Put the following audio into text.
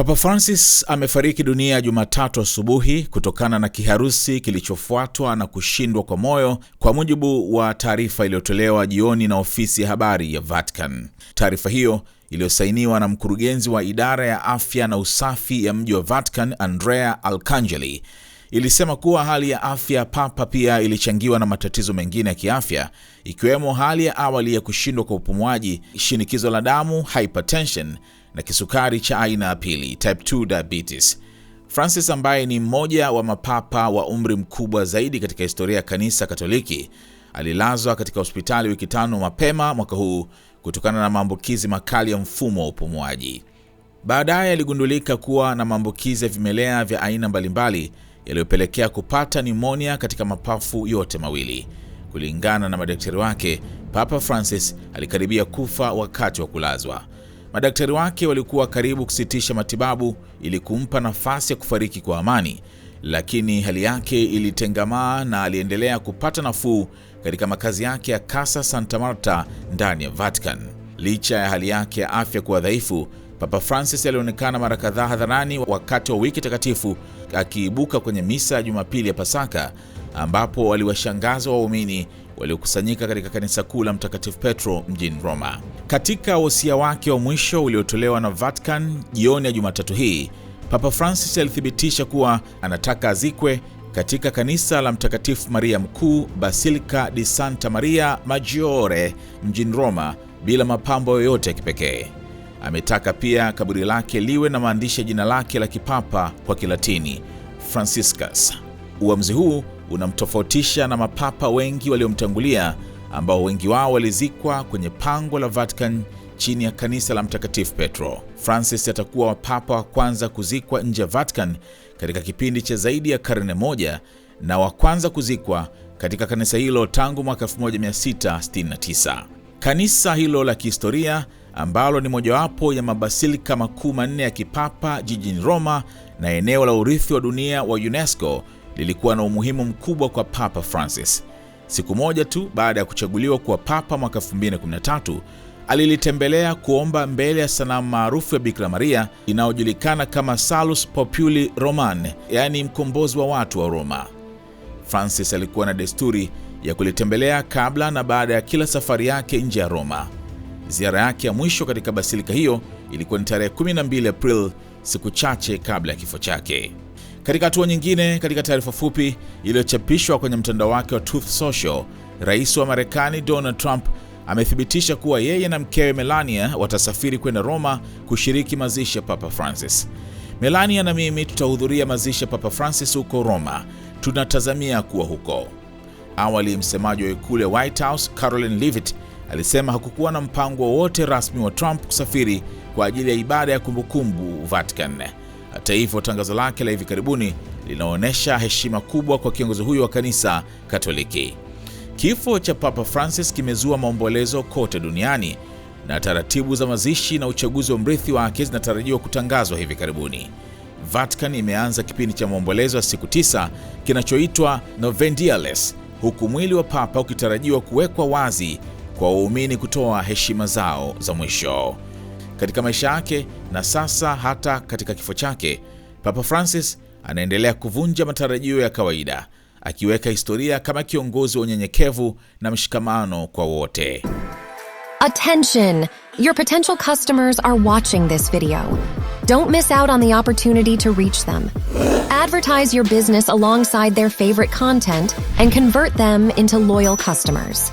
Papa Francis amefariki dunia Jumatatu asubuhi kutokana na kiharusi kilichofuatwa na kushindwa kwa moyo, kwa mujibu wa taarifa iliyotolewa jioni na ofisi ya habari ya Vatican. Taarifa hiyo iliyosainiwa na mkurugenzi wa idara ya afya na usafi ya mji wa Vatican, Andrea Alcangeli, ilisema kuwa hali ya afya ya Papa pia ilichangiwa na matatizo mengine ya kiafya ikiwemo hali ya awali ya kushindwa kwa upumuaji, shinikizo la damu, hypertension na kisukari cha aina ya pili type 2 diabetes. Francis ambaye ni mmoja wa mapapa wa umri mkubwa zaidi katika historia ya kanisa Katoliki alilazwa katika hospitali wiki tano mapema mwaka huu kutokana na maambukizi makali ya mfumo wa upumuaji. Baadaye aligundulika kuwa na maambukizi ya vimelea vya aina mbalimbali yaliyopelekea kupata nimonia katika mapafu yote mawili. Kulingana na madaktari wake, Papa Francis alikaribia kufa wakati wa kulazwa. Madaktari wake walikuwa karibu kusitisha matibabu ili kumpa nafasi ya kufariki kwa amani, lakini hali yake ilitengamaa na aliendelea kupata nafuu katika makazi yake ya Casa Santa Marta ndani ya Vatican. Licha ya hali yake ya afya kuwa dhaifu, Papa Francis alionekana mara kadhaa hadharani wakati wa wiki takatifu, akiibuka kwenye misa ya Jumapili ya Pasaka ambapo waliwashangaza waumini waliokusanyika katika kanisa kuu la Mtakatifu Petro mjini Roma. Katika wosia wake wa mwisho uliotolewa na Vatican jioni ya Jumatatu hii, Papa Francis alithibitisha kuwa anataka azikwe katika kanisa la Mtakatifu Maria Mkuu, Basilika di Santa Maria Maggiore mjini Roma, bila mapambo yoyote ya kipekee. Ametaka pia kaburi lake liwe na maandishi ya jina lake la kipapa kwa Kilatini, Franciscus. Uamuzi huu unamtofautisha na mapapa wengi waliomtangulia ambao wengi wao walizikwa kwenye pango la Vatican chini ya kanisa la Mtakatifu Petro. Francis atakuwa papa wa kwanza kuzikwa nje ya Vatican katika kipindi cha zaidi ya karne moja na wa kwanza kuzikwa katika kanisa hilo tangu mwaka 1669. Kanisa hilo la kihistoria ambalo ni mojawapo ya mabasilika makuu manne ya kipapa jijini Roma na eneo la urithi wa dunia wa UNESCO lilikuwa na umuhimu mkubwa kwa Papa Francis. Siku moja tu baada ya kuchaguliwa kuwa papa mwaka 2013, alilitembelea kuomba mbele ya sanamu maarufu ya Bikira Maria inayojulikana kama Salus Populi Roman, yaani mkombozi wa watu wa Roma. Francis alikuwa na desturi ya kulitembelea kabla na baada ya kila safari yake nje ya Roma. Ziara yake ya mwisho katika basilika hiyo ilikuwa ni tarehe 12 Aprili, siku chache kabla ya kifo chake. Katika hatua nyingine, katika taarifa fupi iliyochapishwa kwenye mtandao wake wa Truth Social, rais wa Marekani Donald Trump amethibitisha kuwa yeye na mkewe Melania watasafiri kwenda Roma kushiriki mazishi ya Papa Francis. Melania na mimi tutahudhuria mazishi ya Papa Francis huko Roma, tunatazamia kuwa huko. Awali msemaji wa ikulu ya White House Caroline Leavitt alisema hakukuwa na mpango wowote rasmi wa Trump kusafiri kwa ajili ya ibada ya kumbukumbu Vatican. Hata hivyo, tangazo lake la hivi karibuni linaonyesha heshima kubwa kwa kiongozi huyo wa kanisa Katoliki. Kifo cha Papa Francis kimezua maombolezo kote duniani na taratibu za mazishi na uchaguzi wa mrithi wake zinatarajiwa kutangazwa hivi karibuni. Vatican imeanza kipindi cha maombolezo ya siku tisa kinachoitwa Novendiales, huku mwili wa Papa ukitarajiwa kuwekwa wazi kwa waumini kutoa heshima zao za mwisho katika maisha yake na sasa hata katika kifo chake, Papa Francis anaendelea kuvunja matarajio ya kawaida, akiweka historia kama kiongozi wa unyenyekevu na mshikamano kwa wote. Attention, your potential customers are watching this video. Don't miss out on the opportunity to reach them. Advertise your business alongside their favorite content and convert them into loyal customers.